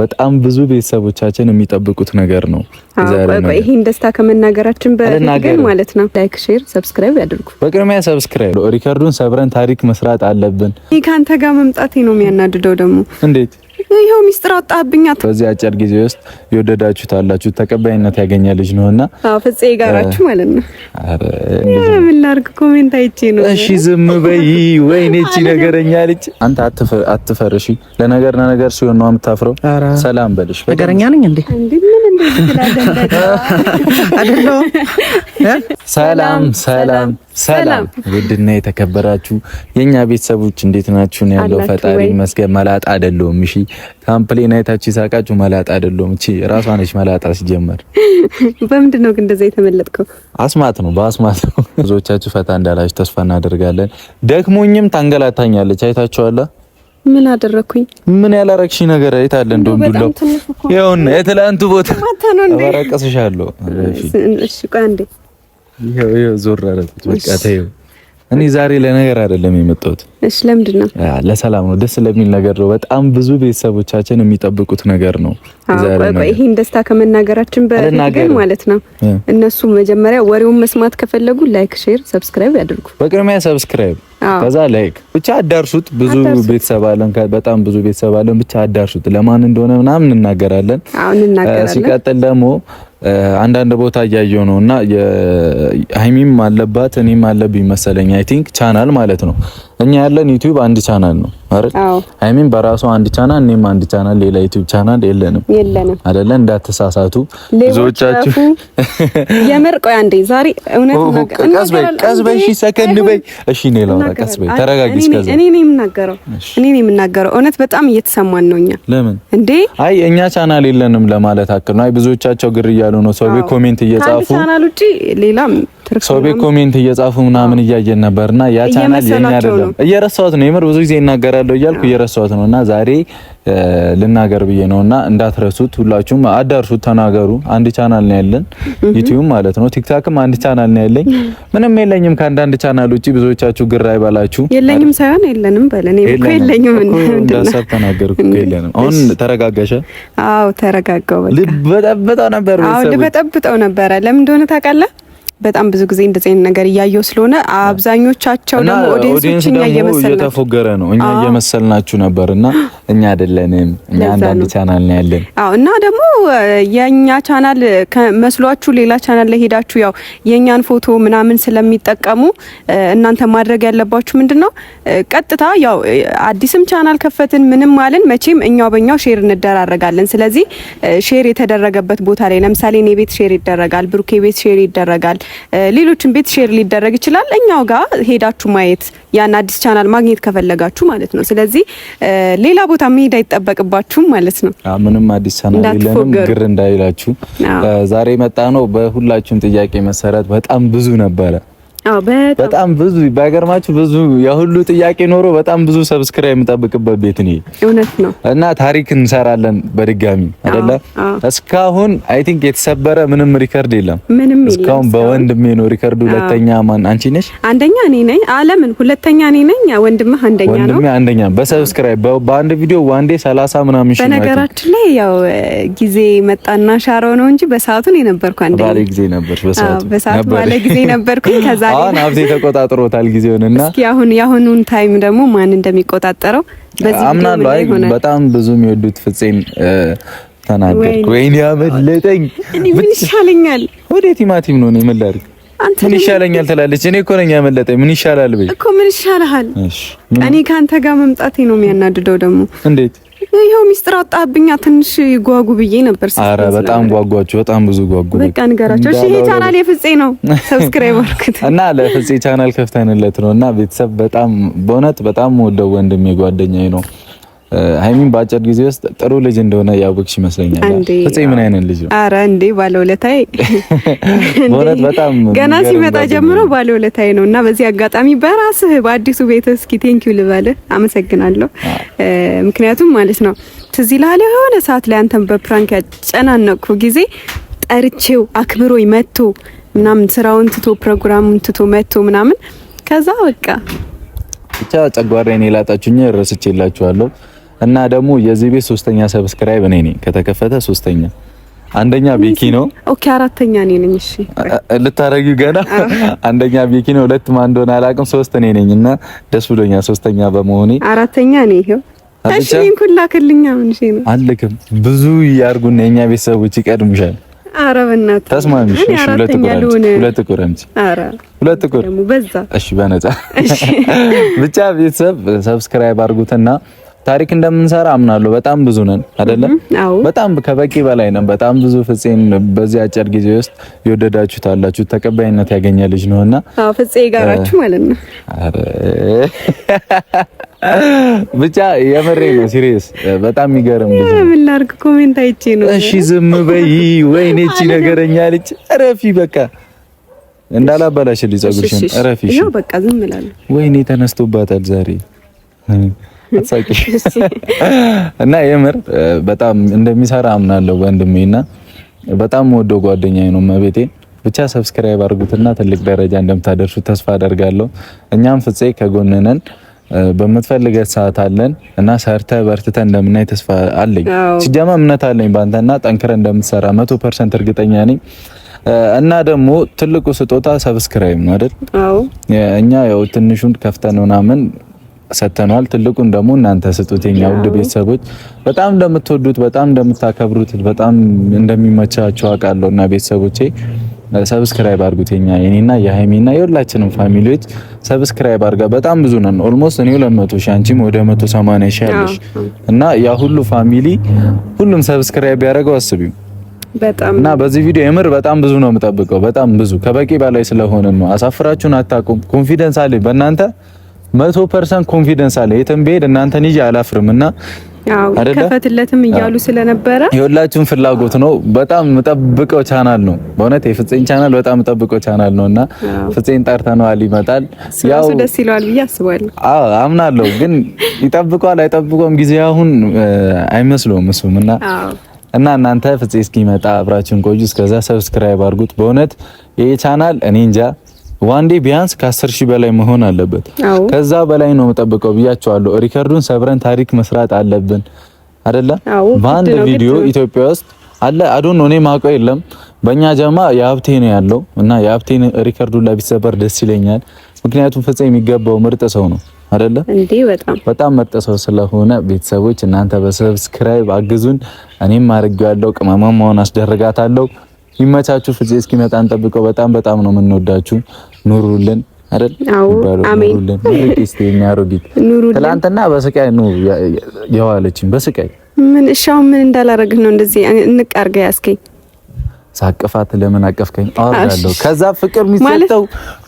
በጣም ብዙ ቤተሰቦቻችን የሚጠብቁት ነገር ነው። ይሄን ደስታ ከመናገራችን በግን ማለት ነው ላይክ፣ ሼር፣ ሰብስክራይብ ያድርጉ። በቅድሚያ ሰብስክራይብ ሪከርዱን ሰብረን ታሪክ መስራት አለብን። ከአንተ ጋር መምጣቴ ነው የሚያናድደው ደግሞ እንዴት ይኸው ሚስጥር አጣብኛት። በዚህ አጭር ጊዜ ውስጥ የወደዳችሁት አላችሁ ተቀባይነት ያገኘ ልጅ ነውና፣ አዎ ፍፄ ጋራችሁ ማለት ነው። አረ ምን ላድርግ ኮሜንት አይቼ ነው። እሺ ዝም በይ። ወይኔ እቺ ነገረኛ ልጅ። አንተ አትፈርሺ። ለነገር ለነገር ሲሆን ነው የምታፍረው። ሰላም በልሽ። ነገረኛ ነኝ እንዴ? እንዴ ምን እንደዚህ ሰላም ሰላም ሰላም ውድና የተከበራችሁ የኛ ቤተሰቦች እንዴት ናችሁ? ነው ያለው። ፈጣሪ ይመስገን መላጣ አይደለሁም። እሺ ካምፕሌን አይታችሁ የሳቃችሁ መላጣ አይደለሁም። እቺ ራሷ ነች መላጣ ሲጀመር። በምንድን ነው ግን እንደዛ የተመለጥከው? አስማት ነው፣ በአስማት ነው። ብዙዎቻችሁ ፈታ እንዳላችሁ ተስፋ እናደርጋለን። ደክሞኝም ታንገላታኛለች። አይታችኋላ። ምን አደረኩኝ? ምን ያላረግሽ ነገር አይታለ እንደውም ዱላው ይሁን የትላንቱ ቦታ ማታ ነው እንዴ? አባራቀስሻለሁ። እሺ ቆይ አንዴ ይሄው ይሄው ዞር አደረኩት። በቃ ተይው። እኔ ዛሬ ለነገር አይደለም የመጣሁት። እሺ፣ ለምንድን ነው? ለሰላም ነው፣ ደስ ለሚል ነገር ነው። በጣም ብዙ ቤተሰቦቻችን የሚጠብቁት ነገር ነው። ይሄን ደስታ ከመናገራችን በፊት ማለት ነው እነሱ መጀመሪያ ወሬውን መስማት ከፈለጉ ላይክ፣ ሼር፣ ሰብስክራይብ ያድርጉ። በቅድሚያ ሰብስክራይብ፣ ከዛ ላይክ። ብቻ አዳርሱት። ብዙ ቤተሰብ አለን፣ በጣም ብዙ ቤተሰብ አለን። ብቻ አዳርሱት። ለማን እንደሆነ ምናምን እንናገራለን። ሲቀጥል ደግሞ አንዳንድ ቦታ እያየው ነው እና ሀይሚም አለባት እኔም አለብኝ መሰለኝ። አይ ቲንክ ቻናል ማለት ነው እኛ ያለን ዩቲዩብ አንድ ቻናል ነው አይደል? አይሚን በራሱ አንድ ቻናል እኔም አንድ ቻናል ሌላ ዩቲዩብ ቻናል የለንም የለንም አይደለ? እንዳትሳሳቱ ብዙዎቻችሁ የምር ቆይ አንዴ ዛሬ እውነት ነው። ቀስ በይ ቀስ በይ፣ እሺ ሰከን በይ፣ እሺ ነው ላውራ፣ ቀስ በይ ተረጋጊ። እስከዛ እኔ ነኝ የምናገረው እኔ ነኝ የምናገረው። እውነት በጣም እየተሰማን ነው። እኛ ለምን እንዴ አይ እኛ ቻናል የለንም ለማለት አክል ነው። አይ ብዙዎቻቸው ግር እያሉ ነው ሰው ቤት ኮሜንት እየጻፉ ቻናል ውጪ ሌላም ሰው ቤት ኮሜንት እየጻፉ ምናምን እያየን ነበርና ያ ቻናል የኛ አይደለም። እየረሳሁት ነው የምር ብዙ ጊዜ እናገራለሁ እያልኩ እየረሳሁት ነው እና ዛሬ ልናገር ብዬ ነው እና እንዳትረሱት፣ ሁላችሁም አዳርሱት፣ ተናገሩ። አንድ ቻናል ነው ያለን ዩቲዩብ ማለት ነው። ቲክታክም አንድ ቻናል ነው ያለኝ። ምንም የለኝም ከአንዳንድ ቻናል ውጭ። ብዙዎቻችሁ ግር አይባላችሁ። የለኝም ሳይሆን የለንም በለኔ እኮ የለኝም እንዳሰብ ተናገርኩ። የለንም አሁን ተረጋጋሽ? አዎ ተረጋጋው። በቃ ልበጠብጠው ነበር። አዎ ልበጠብጠው ነበረ። ለምን እንደሆነ ታውቃለህ? በጣም ብዙ ጊዜ እንደዚህ አይነት ነገር እያየው ስለሆነ አብዛኞቻቸው ደግሞ ኦዲየንሶች እኛ እየተፎገረ ነው እኛ እየመሰልናችሁ ነበር እና እኛ አይደለንም እኛ አንዳንድ ቻናል ነው ያለን። አዎ እና ደግሞ የኛ ቻናል መስሏችሁ ሌላ ቻናል ላይ ሄዳችሁ ያው የኛን ፎቶ ምናምን ስለሚጠቀሙ እናንተ ማድረግ ያለባችሁ ምንድነው ቀጥታ ያው አዲስም ቻናል ከፈትን ምንም አለን መቼም እኛው በእኛው ሼር እንደራረጋለን። ስለዚህ ሼር የተደረገበት ቦታ ላይ ለምሳሌ እኔ ቤት ሼር ይደረጋል፣ ብሩኬ ቤት ሼር ይደረጋል ሌሎችን ቤት ሼር ሊደረግ ይችላል። እኛው ጋር ሄዳችሁ ማየት ያን አዲስ ቻናል ማግኘት ከፈለጋችሁ ማለት ነው። ስለዚህ ሌላ ቦታ መሄድ አይጠበቅባችሁም ማለት ነው። ምንም አዲስ ቻናል የለንም፣ ግር እንዳይላችሁ። ዛሬ መጣ ነው በሁላችሁም ጥያቄ መሰረት በጣም ብዙ ነበረ በጣም ብዙ ባይገርማችሁ ብዙ የሁሉ ጥያቄ ኖሮ በጣም ብዙ ሰብስክራይብ የምጠብቅበት ቤት ነው። እውነት ነው። እና ታሪክ እንሰራለን በድጋሚ አይደለ? እስካሁን አይ ቲንክ የተሰበረ ምንም ሪከርድ የለም። ምንም እስካሁን በወንድሜ ነው ሪከርዱ። ሁለተኛ ማን አንቺ ነሽ? አንደኛ እኔ ነኝ። አለምን ሁለተኛ እኔ ነኝ። ወንድምህ አንደኛ ነው። ወንድሜ አንደኛ በሰብስክራይብ በአንድ ቪዲዮ ዋንዴ 30 ምናምን ሺህ። በነገራችን ላይ ያው ጊዜ መጣና ሻሮ ነው እንጂ በሰዓቱ ነው የነበርኩ አንደኛ። ባለ ጊዜ ነበርሽ። በሰዓቱ ባለ ጊዜ ነበርኩ ከዛ አሁን ሀብቴ ተቆጣጥሮታል ጊዜውን እና እስኪ አሁን የአሁኑን ታይም ደግሞ ማን እንደሚቆጣጠረው በዚህ አምናለሁ። አይ በጣም ብዙ የሚወዱት ፍፄም ተናገርኩ። ወይኔ አመለጠኝ። ምን ይሻለኛል? ወደ ቲማቲም ነው ምን ላድርግ? ምን ይሻለኛል ትላለች። እኔ እኮ ነኝ ያመለጠኝ። ምን ይሻላል በይ እኮ ምን ይሻልሃል? እኔ ከአንተ ጋር መምጣቴ ነው የሚያናድደው ደግሞ እንዴት ይኸው ሚስጥር አጣብኛ። ትንሽ ጓጉ ብዬ ነበር። አረ በጣም ጓጓችሁ፣ በጣም ብዙ ጓጉ። በቃ ንገራቸው እሺ። ይሄ ቻናል የፍጼ ነው። ሰብስክራይብ አድርጉት እና ለፍጼ ቻናል ከፍተንለት ነው እና ቤተሰብ በጣም በእውነት በጣም ወደው ወንድሜ ጓደኛዬ ነው ሀይሚን በአጭር ጊዜ ውስጥ ጥሩ ልጅ እንደሆነ ያወቅሽ ይመስለኛል። ፍፄ ምን አይነት ልጅ ነው? አረ እንዴ ባለውለታይ፣ በእውነት በጣም ገና ሲመጣ ጀምሮ ባለውለታይ ነው። እና በዚህ አጋጣሚ በራስህ በአዲሱ ቤት እስኪ ቴንኪው ልበል፣ አመሰግናለሁ። ምክንያቱም ማለት ነው ትዝ ይልሃል የሆነ ሰዓት ላይ አንተን በፕራንክ ያጨናነቅኩ ጊዜ ጠርቼው አክብሮ መጥቶ ምናምን ስራውን ትቶ ፕሮግራሙን ትቶ መጥቶ ምናምን ከዛ በቃ ብቻ ጨጓራዬን የላጣችሁኝ ረስቼላችኋለሁ። እና ደግሞ የዚህ ቤት ሶስተኛ ሰብስክራይብ እኔ ነኝ። ከተከፈተ ሶስተኛ አንደኛ ቤኪ ነው። ኦኬ አራተኛ እኔ ነኝ። እሺ ልታረጊው ገና። አንደኛ ቤኪ ነው፣ ሁለት ማን እንደሆነ አላውቅም፣ ሶስት እኔ ነኝ እና ደስ ብሎኛል ሶስተኛ በመሆኔ። አራተኛ እኔ ይሄው ታሽኒን ኩላ ከልኛ ምን እሺ ነው አልክም። ብዙ ያርጉና የኛ ቤተሰቦች ይቀድሙሻል። ኧረ በእናትህ ተስማሚ እሺ ሁለት ቁረምጭ፣ ሁለት ቁረምጭ፣ ኧረ ሁለት ቁረምጭ በዛ። እሺ በነጻ እሺ። ብቻ ቤተሰብ ሰብስክራይብ አድርጉትና ታሪክ እንደምንሰራ አምናለሁ። በጣም ብዙ ነን አይደለም? በጣም ከበቂ በላይ ነን። በጣም ብዙ ፍፄን በዚህ አጭር ጊዜ ውስጥ የወደዳችሁት አላችሁ፣ ተቀባይነት ያገኘ ልጅ ነውና፣ አዎ ፍፄ ጋራችሁ ማለት ነው። ብቻ የምሬ ነው፣ ሲሪየስ በጣም የሚገርም ብዙ ነው። ምን ላድርግ? ኮሜንት አይቼ ነው። እሺ ዝም በይ። ወይኔ እቺ ነገረኛ ልጅ እረፊ፣ በቃ እንዳላበላሽ ልጅ ጸጉርሽን እረፊ። ይሄው በቃ ዝም እላለሁ። ወይኔ ተነስቶባታል ዛሬ እና የምር በጣም እንደሚሰራ አምናለሁ ወንድሜ እና በጣም ወደው ጓደኛዬ ነው መቤቴ ብቻ ሰብስክራይብ አድርጉትና ትልቅ ደረጃ እንደምታደርሱ ተስፋ አደርጋለሁ። እኛም ፍፄ ከጎንነን በምትፈልገት ሰዓት አለን እና ሰርተ በርትተ እንደምናይ ተስፋ አለኝ። ሲጀማ እምነት አለኝ ባንተና ጠንክረ እንደምትሰራ መቶ ፐርሰንት እርግጠኛ ነኝ። እና ደግሞ ትልቁ ስጦታ ሰብስክራይብ ነው አይደል? እኛ ያው ትንሹን ከፍተን ምናምን ሰጥተነዋል። ትልቁን ደግሞ እናንተ ስጡት የኛ ውድ ቤተሰቦች። በጣም እንደምትወዱት፣ በጣም እንደምታከብሩት፣ በጣም እንደሚመቻቸው አውቃለሁ እና ቤተሰቦቼ ሰብስክራይብ አድርጉት። የኛ የኔና የሃይሚና የሁላችንም ፋሚሊዎች ሰብስክራይብ አድርጋ በጣም ብዙ ነን። ኦልሞስት እኔ 200 ሺህ አንቺም ወደ 180 ሺህ አለሽ እና ያ ሁሉ ፋሚሊ ሁሉም ሰብስክራይብ ያደረገው አስቢው በጣም እና በዚህ ቪዲዮ የምር በጣም ብዙ ነው የምጠብቀው። በጣም ብዙ ከበቂ በላይ ስለሆነ ነው። አሳፍራችሁን አታቁም። ኮንፊደንስ አለኝ በእናንተ መቶ ፐርሰንት ኮንፊደንስ አለ። የትም ብሄድ እናንተን ይዤ አላፍርም እና ከፈትለትም እያሉ ስለነበረ የሁላችሁም ፍላጎት ነው። በጣም የምጠብቀው ቻናል ነው በእውነት የፍፄን ቻናል በጣም የምጠብቀው ቻናል ነው እና ፍፄን ጠርተነዋል፣ ይመጣል። ያው ደስ ይለዋል ብዬ አስባለሁ። አዎ አምናለሁ። ግን ይጠብቀዋል አይጠብቀውም ጊዜ አሁን አይመስለውም እሱም እና እና እናንተ ፍፄ እስኪመጣ አብራችሁን ቆዩ። እስከዛ ሰብስክራይብ አድርጉት። በእውነት ይሄ ቻናል እኔ እንጃ ዋንዴ ቢያንስ ከአስር ሺህ በላይ መሆን አለበት። ከዛ በላይ ነው የምጠብቀው ብያቸዋለሁ። ሪከርዱን ሰብረን ታሪክ መስራት አለብን አይደለ? በአንድ ቪዲዮ ኢትዮጵያ ውስጥ አለ አዶን ነው እኔ ማውቀው የለም። በእኛ ጀማ የሀብቴ ነው ያለው እና የሀብቴን ሪከርዱን ላይ ቢሰበር ደስ ይለኛል። ምክንያቱም ፍፄ የሚገባው ምርጥ ሰው ነው አይደለ? በጣም በጣም ምርጥ ሰው ስለሆነ ቤተሰቦች እናንተ በሰብስክራይብ አግዙን። እኔም አድርጌዋለሁ። ቅመማ መሆን አስደረጋታለሁ። ይመቻችሁ። ፍፄ እስኪመጣ እንጠብቀው። በጣም በጣም ነው የምንወዳችሁ። ኑሩልን አይደል? አሜን። ትናንትና በስቃይ ኑ የዋለችኝ፣ በስቃይ ምን እሻው ምን እንዳላረግህ ነው እንደዚህ እንቃርጋ ያስገኝ ሳቅፋት ለምን አቀፍከኝ? አወራለሁ። ከዛ ፍቅር የሚሰጠው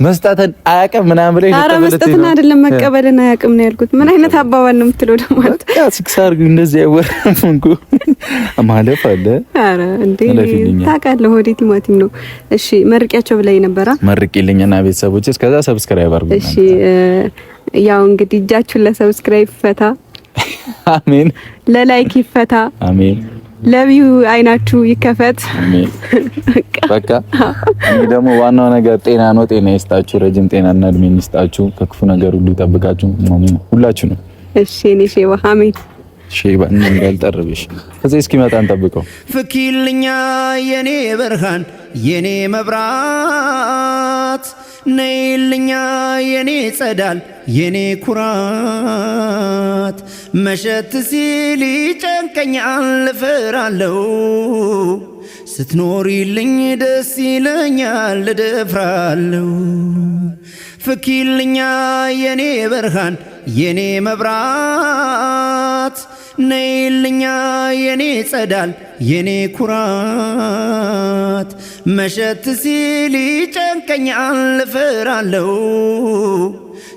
መስጠትን አያቅም ምናምን ብለሽ ነው። አረ መስጠትን አይደለም መቀበልን አያቅም ነው ያልኩት። ምን አይነት አባባል ነው የምትለው ደግሞ? እንደዚህ አይወራም እንኳ ማለፍ አለ። አረ እንዴ ታውቃለህ፣ ሆዴ ቲማቲም ነው። እሺ መርቂያቸው ብላኝ ነበራ። መርቂልኝና ቤተሰቦች እስከዛ ሰብስክራይብ አርጉ። እሺ ያው እንግዲህ እጃችሁን ለሰብስክራይብ ፈታ። አሜን። ለላይክ ይፈታ። አሜን። ለቢው አይናችሁ ይከፈት። በቃ እንግዲህ ደግሞ ዋናው ነገር ጤና ነው። ጤና ይስጣችሁ፣ ረጅም ጤና እና እድሜ ይስጣችሁ፣ ከክፉ ነገር ሁሉ ይጠብቃችሁ። ሁላችሁ ነው። እሺ እኔ ሼባ አሜን። ሼባ እንዳልጠርብሽ ከዚህ እስኪመጣ እንጠብቀው። ፍኪልኛ የኔ በርሃን የኔ መብራት ነይልኛ የኔ ጸዳል የኔ ኩራት መሸት ሲል ይጨንቀኛል እፈራለሁ ስትኖሪልኝ ደስ ይለኛል ልደፍራለሁ ፍኪልኛ የኔ በርሃን የኔ መብራት ነይልኛ የኔ ጸዳል የኔ ኩራት መሸት ሲል ይጨንቀኛል ልፈራለሁ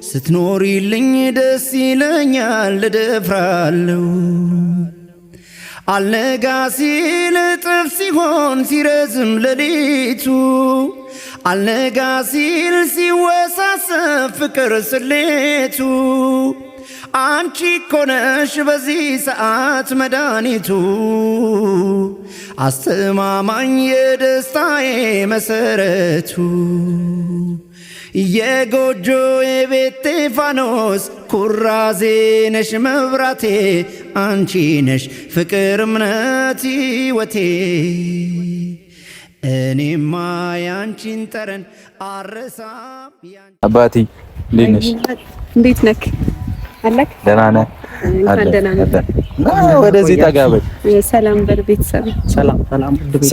ስትኖሪልኝ ደስ ይለኛል ልደፍራለሁ አልነጋ ሲል እጥፍ ሲሆን ሲረዝም ሌሊቱ አልነጋ ሲል ሲወሳሰብ ፍቅር ስሌቱ አንቺ እኮ ነሽ በዚህ ሰዓት መድኃኒቱ አስተማማኝ የደስታዬ መሰረቱ የጎጆ የቤቴ ፋኖስ ኩራዜ ነሽ መብራቴ አንቺ ነሽ ፍቅር እምነት ሕይወቴ እኔማ ያንቺን ጠረን አረሳ አባቴ እንዴት ነሽ? እንዴት ነክ አለክ ደህና ነህ? ወደዚህ ጠጋ በል።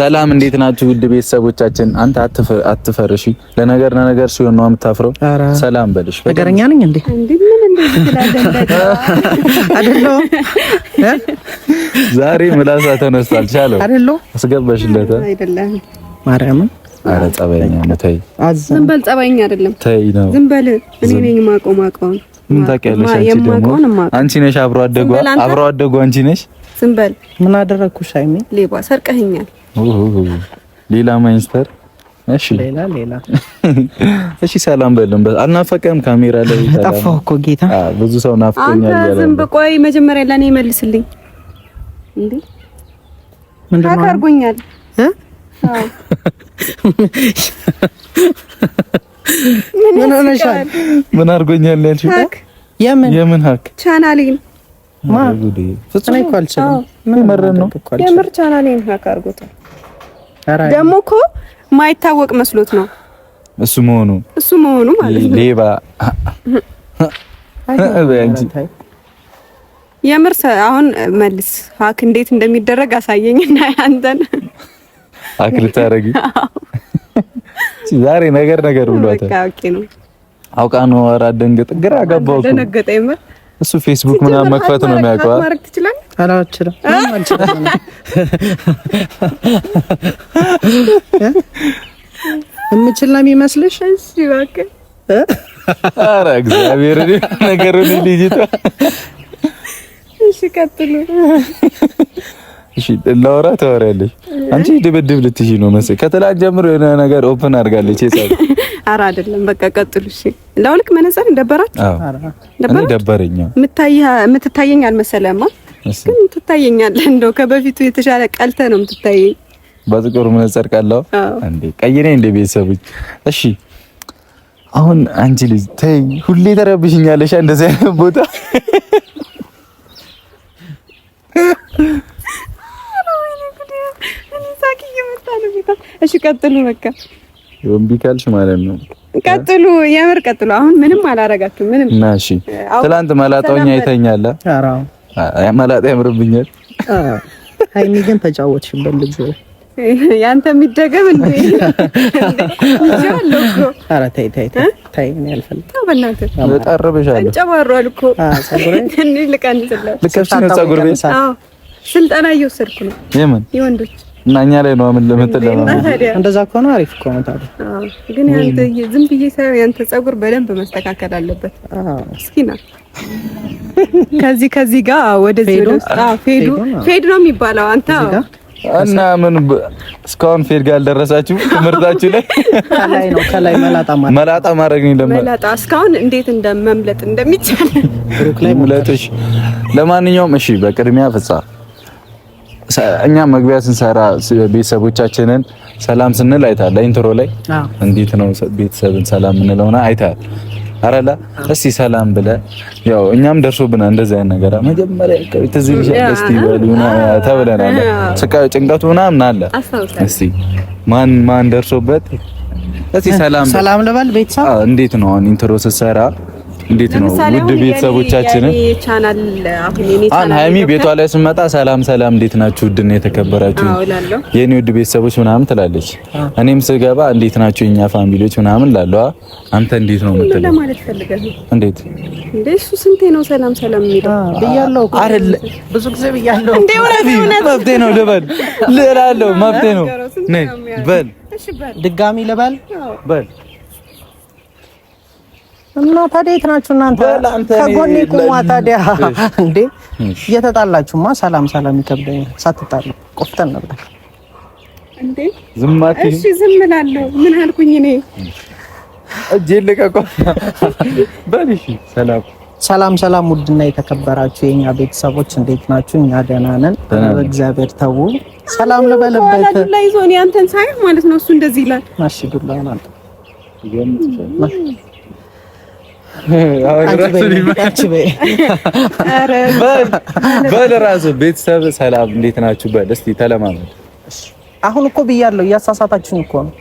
ሰላም እንዴት ናችሁ ውድ ቤተሰቦቻችን? አንተ አትፈርሺ፣ ለነገር ለነገር ሲሆን ነው የምታፍረው። ሰላም በልሽ። ነገረኛ ነኝ እንዴ? ምን እንደዚህ አይደለሁም። ዛሬ ምላሳ ተነስቷል። ቻለው አይደለሁ አስገባሽለት አይደለም ማርያምን አረ ጸባይኛ ነው። ተይ ዝም በል። ጸባይኛ አይደለም ተይ ነው ዝም በል። እኔ ነኝ ማቆም አውቀውን ምን ታውቂያለሽ? አንቺ ደግሞ አንቺ ነሽ አብሮ አደጓ፣ አብሮ አደጓ አንቺ ነሽ። ዝም በል። ምን አደረግኩሽ? አይሚ ሌባ፣ ሰርቀኸኛል። ሌላ ማይንስተር። እሺ፣ ሌላ ሌላ። እሺ፣ ሰላም በልም። አልናፈቀም? ካሜራ ላይ ጠፋሁ እኮ ጌታ። ብዙ ሰው ናፍቆኛል። አንተ ዝም ብቆይ፣ መጀመሪያ ለኔ ይመልስልኝ እንዴ ምንድን ታካርጉኛል? ታካርጎኛል? አዎ ምን ሆነሻል? ምን አድርጎኛል ያልሽው? የምን የምን ሀክ ቻናሌን ፍጹም እኮ አልችልም። ምን መረን ነው የምር ቻናሌን ሀክ አድርጎታል። ደግሞ እኮ ማይታወቅ መስሎት ነው እሱ መሆኑ እሱ መሆኑ ማለት ሌባ የምር አሁን መልስ ሀክ እንዴት እንደሚደረግ አሳየኝና ያንተን ሀክ ልታረጊ ዛሬ ነገር ነገር ብሏታል። አውቃ ነው። ኧረ ግራ ገባሁ እኮ ደነገጠኝ። እሱ ፌስቡክ ምናምን መክፈት ነው የሚያውቀው። የምችል ነው የሚመስልሽ? እሺ እባክህ። እግዚአብሔር እሺ፣ እሺ ላወራ ታወሪያለሽ። አንቺ ድብድብ ልትሽ ነው መሰለኝ። ከተላት ጀምሮ የሆነ ነገር ኦፕን አድርጋለች። የጻፍ ኧረ አይደለም በቃ ቀጥሉ። እሺ እንደው ልክ መነጽር ደበራችሁ? እኔ ደበረኝ። የምትታየኝ አልመሰለማ፣ ግን ትታየኛለህ። እንደው ከበፊቱ የተሻለ ቀልተ ነው ምትታየኝ በጥቁር መነጽር ቀለው እንዴ ቀይኔ ነኝ እንደ ቤተሰቦች። እሺ አሁን አንቺ ልጅ ተይ፣ ሁሌ ተረብሽኛለሽ እንደዚህ አይነት ቦታ በጣም እሺ፣ ቀጥሉ። በቃ ካልሽ ማለት ነው። ቀጥሉ፣ የምር ቀጥሉ። አሁን ምንም አላረጋችሁ ምንም። እና እሺ፣ ትላንት መላጣውኛ ይተኛል። ኧረ መላጣ ያምርብኛል። ሀይሚ ግን ተጫወትሽበት ልጅ ያንተ የሚደገም እንዴ? ስልጠና እየወሰድኩ ነው የምን የወንዶች እና እኛ ላይ ነው ምን ለምትል እንደዛ ከሆነ አሪፍ እኮ ነው። ታዲያ ግን ያንተ ዝም ብዬ ሳይሆን ያንተ ጸጉር በደንብ መስተካከል አለበት። እስኪ ና ከዚህ ከዚህ ጋር ወደዚህ ፌዱ ፌድ ነው የሚባለው አንተ እና ምን እስካሁን ፌድ ጋር አልደረሳችሁ? ትምህርታችሁ ላይ ከላይ ነው ከላይ መላጣ ማለት መላጣ ማድረግ ነው ለማለት መላጣ እስካሁን እንዴት እንደመምለጥ እንደሚቻል ብሩክ ላይ ሙለጥሽ። ለማንኛውም እሺ፣ በቅድሚያ ፍጻ እኛ መግቢያ ስንሰራ ቤተሰቦቻችንን ሰላም ስንል አይተሃል። ለኢንትሮ ላይ እንዴት ነው ቤተሰብን ሰላም እንለውና አይተሃል አረላ እስቲ ሰላም ብለ ያው እኛም ደርሶብናል። እንደዚህ አይነት ነገር መጀመሪያ ትዝ ይልሻል እስቲ በሉና ተብለናል። ስቃዩ ጭንቀቱ ምናምን አለ። እስቲ ማን ማን ደርሶበት እስቲ ሰላም ሰላም ልበል ቤተሰብ እንዴት ነው አሁን ኢንትሮ ስትሰራ እንዴት ነው ውድ ቤተሰቦቻችንን አሁን ሀይሚ ቤቷ ላይ ስመጣ ሰላም ሰላም፣ እንዴት ናችሁ ውድ ነው የተከበራችሁ የኔ ውድ ቤተሰቦች ምናምን ትላለች። እኔም ስገባ እንዴት ናችሁ የኛ ፋሚሊዎች ምናምን ላለዋ፣ አንተ እንዴት ነው የምትለው? እንዴት እንዴ ስንቴ ነው ሰላም ሰላም የሚለው ብያለሁ አይደል? ብዙ ጊዜ ብያለሁ። እንዴ መብቴ ነው ልበል ልላለሁ። መብቴ ነው ነይ በል ድጋሚ ልበል በል እና ታዲያ የት ናችሁ እናንተ? ከጎኔ ቁማ። ታዲያ እንዴ እየተጣላችሁማ ሰላም ሰላም ይከብደኛል። ሳትጣሉ ቆፍተን ነበር እንዴ? ዝም አትይ። እሺ ዝም እላለሁ። ምን አልኩኝ እኔ? እጄ ልቀቆ በል። እሺ ሰላም ሰላም ሰላም። ውድና የተከበራችሁ የኛ ቤተሰቦች እንዴት ናችሁ? እኛ ደህና ነን፣ እግዚአብሔር ተው። ሰላም ልበልበት ላይ ዞን ያንተን ሳይ ማለት ነው እሱ እንደዚህ ይላል። ማሽዱላ ማለት ነው በል ቤተሰብ ሰላም እንዴት ናችሁ? በል እስኪ ተለማመድ። አሁን እኮ ብያለሁ፣ እያሳሳታችሁን እኮ ነው።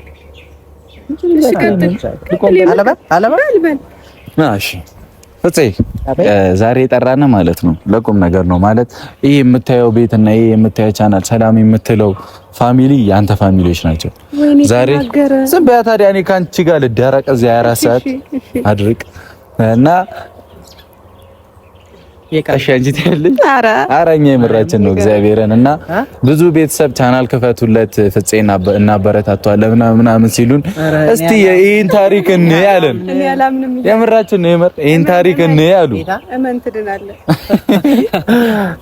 ዛሬ የጠራን ማለት ነው ለቁም ነገር ነው ማለት ይህ የምታየው ቤት እና ይህ የምታየው ቻናል ሰላም የምትለው ፋሚሊ የአንተ ፋሚሊዎች ናቸው። ዛሬ ዝም በያ ታዲያ እኔ ከአንቺ ጋር ልዳረቅ እዚህ 24 ሰዓት አድርቅ እና የቀሻንጂት ያለኝ አራ የምራችን ነው እግዚአብሔርን እና ብዙ ቤተሰብ ቻናል ክፈቱለት ፍፄ እናበረታቷለን ምናምን ምናምን ሲሉን እስቲ ይህን ታሪክ እንይ አለን። የምራችን ነው የምር ይህን ታሪክ እንይ አሉ።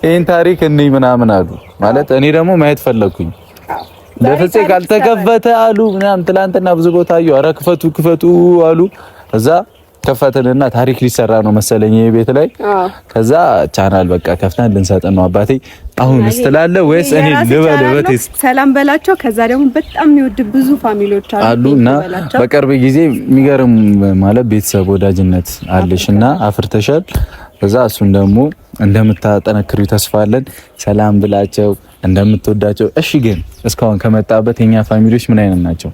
ይህን ታሪክ እንይ ምናምን አሉ። ማለት እኔ ደግሞ ማየት ፈለግኩኝ። ለፍፄ ካልተከፈተ አሉ ምናምን ትላንትና ብዙ ቦታ አዩ። ኧረ ክፈቱ ክፈቱ አሉ እዛ ከፈትንና ታሪክ ሊሰራ ነው መሰለኝ ይሄ ቤት ላይ። ከዛ ቻናል በቃ ከፍተን ልንሰጥን ነው አባቴ። አሁን ስትላለ ወይስ እኔ ልበል? በቴስ ሰላም በላቸው። ከዛ ደግሞ በጣም የሚወድ ብዙ ፋሚሊዎች አሉ እና በቅርብ ጊዜ የሚገርም ማለት ቤተሰብ ወዳጅነት አለሽ እና አፍርተሻል። ከዛ እሱን ደግሞ እንደምታጠነክሩ ተስፋለን ሰላም ብላቸው እንደምትወዳቸው። እሺ ግን እስካሁን ከመጣበት የኛ ፋሚሊዎች ምን አይነት ናቸው?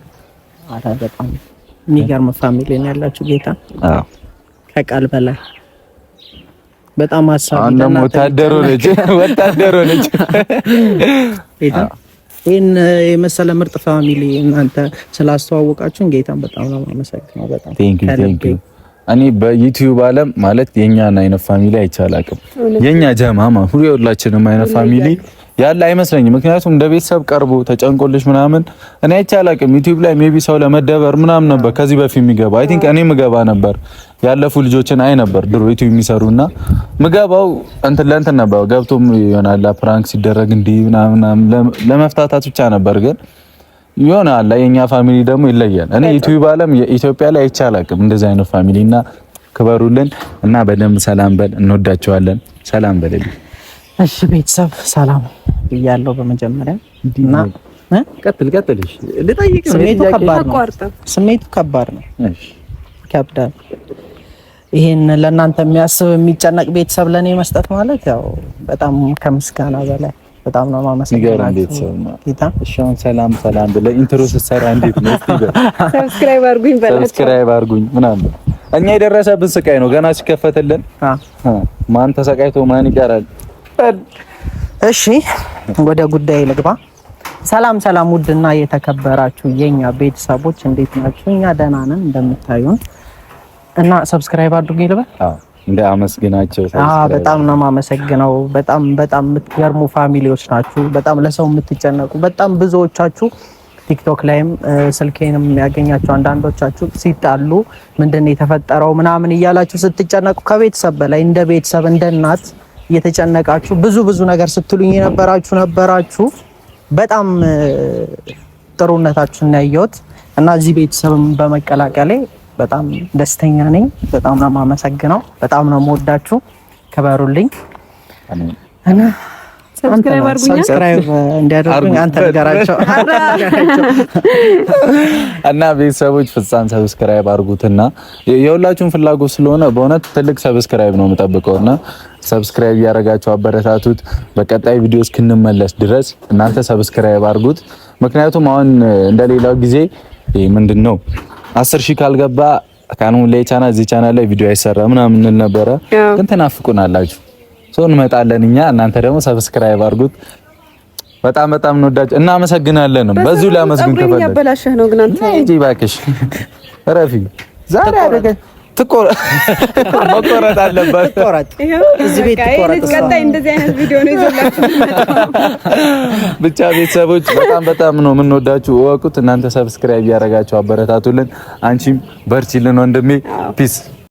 የሚገርም ፋሚሊ ነው ያላችሁ። ጌታ ከቃል በላይ በጣም አሳቢ ነው። ወታደሮ ነች ወታደሮ ነች። ይህን የመሰለ ምርጥ ፋሚሊ እናንተ ስላስተዋወቃችሁን ጌታን በጣም ነው የማመሰግነው። በጣም ቴንክ ዩ ቴንክ ዩ እኔ በዩቲዩብ ዓለም ማለት የኛን አይነት ፋሚሊ አይቻላቅም። የኛ ጀማማ ሁሉ የሁላችንም አይነት ፋሚሊ ያለ አይመስለኝም። ምክንያቱም እንደ ቤተሰብ ቀርቦ ተጨንቆልሽ ምናምን እኔ አይቻላቅም። ዩቲዩብ ላይ ሜቢ ሰው ለመደበር ምናምን ነበር ከዚህ በፊት የሚገባ አይ ቲንክ እኔ ምገባ ነበር ያለፉ ልጆችን አይ ነበር ድሮ ዩቲዩብ የሚሰሩና ምገባው እንትን ለእንትን ነበር ገብቶም ይሆናል ፕራንክ ሲደረግ እንዲህ ምናምን ለመፍታታት ብቻ ነበር ግን የሆነ አለ የኛ ፋሚሊ ደግሞ ይለያል። እኔ ዩቲዩብ ዓለም ኢትዮጵያ ላይ አይቼ አላውቅም እንደዚህ አይነት ፋሚሊ እና ክበሩልን እና በደንብ ሰላም በል እንወዳቸዋለን። ሰላም በልልኝ። እሺ ቤተሰብ ሰላም ብያለሁ በመጀመሪያ እና ቀጥል ቀጥል። እሺ ልጠይቅ። ስሜቱ ከባድ ነው። ስሜቱ ከባድ ነው። እሺ ይከብዳል። ይሄን ለእናንተ የሚያስብ የሚጨነቅ ቤተሰብ ለእኔ መስጠት ማለት ያው በጣም ከምስጋና በላይ በጣም ነው የማመሰግናችሁ። ጌታ እሺን ሰላም ሰላም ብለህ ኢንትሮ ስትሰራ እንዴት ነው? ሰብስክራይብ አርጉኝ በላቸው፣ ሰብስክራይብ አድርጉኝ ምናምን። እኛ የደረሰብን ስቃይ ነው ገና ሲከፈትልን። ማን ተሰቃይቶ ማን ይቀራል? እሺ ወደ ጉዳይ ልግባ። ሰላም ሰላም፣ ውድና የተከበራችሁ የኛ ቤተሰቦች እንዴት ናችሁ? እኛ ደህና ነን እንደምታዩን እና ሰብስክራይብ አድርጉኝ ልበል አዎ እንደ አመስግናቸው። በጣም ነው የማመሰግነው። በጣም በጣም የምትገርሙ ፋሚሊዎች ናችሁ። በጣም ለሰው የምትጨነቁ በጣም ብዙዎቻችሁ ቲክቶክ ላይም ስልኬንም ያገኛቸው አንዳንዶቻችሁ ሲጣሉ ምንድን የተፈጠረው ምናምን እያላችሁ ስትጨነቁ ከቤተሰብ በላይ እንደ ቤተሰብ እንደ እናት እየተጨነቃችሁ ብዙ ብዙ ነገር ስትሉኝ የነበራችሁ ነበራችሁ። በጣም ጥሩነታችሁን ያየሁት እና እዚህ ቤተሰብም በመቀላቀሌ በጣም ደስተኛ ነኝ። በጣም ነው የማመሰግነው። በጣም ነው የምወዳችሁ። ክበሩልኝ እና እና ቤተሰቦች ፍጻን ሰብስክራይብ አድርጉትና የሁላችሁን ፍላጎት ስለሆነ በእውነት ትልቅ ሰብስክራይብ ነው የምጠብቀው እና ሰብስክራይብ እያደረጋችሁ አበረታቱት። በቀጣይ ቪዲዮ እስክንመለስ ድረስ እናንተ ሰብስክራይብ አድርጉት። ምክንያቱም አሁን እንደሌላው ጊዜ ምንድን ነው አስር ሺህ ካልገባ ካኑ ለቻና ቻናል እዚህ ቻናል ላይ ቪዲዮ አይሰራም ምናምን እንል ነበረ። ግን ትናፍቁናላችሁ። ሰው እንመጣለን እኛ እናንተ ደግሞ ሰብስክራይብ አድርጉት። በጣም በጣም እንወዳችሁ እናመሰግናለን። በዚሁ ላመስግን ያበላሽህ ነው ግን አንተ እጂ ባክሽ ረፊ ዛሬ አደረገ መቆረጥ አለባት። ብቻ ቤተሰቦች በጣም በጣም ነው የምንወዳችሁ፣ እወቁት። እናንተ ሰብስክራይብ ያደረጋችሁ አበረታቱልን። አንቺም በርቺልን ወንድሜ ፒስ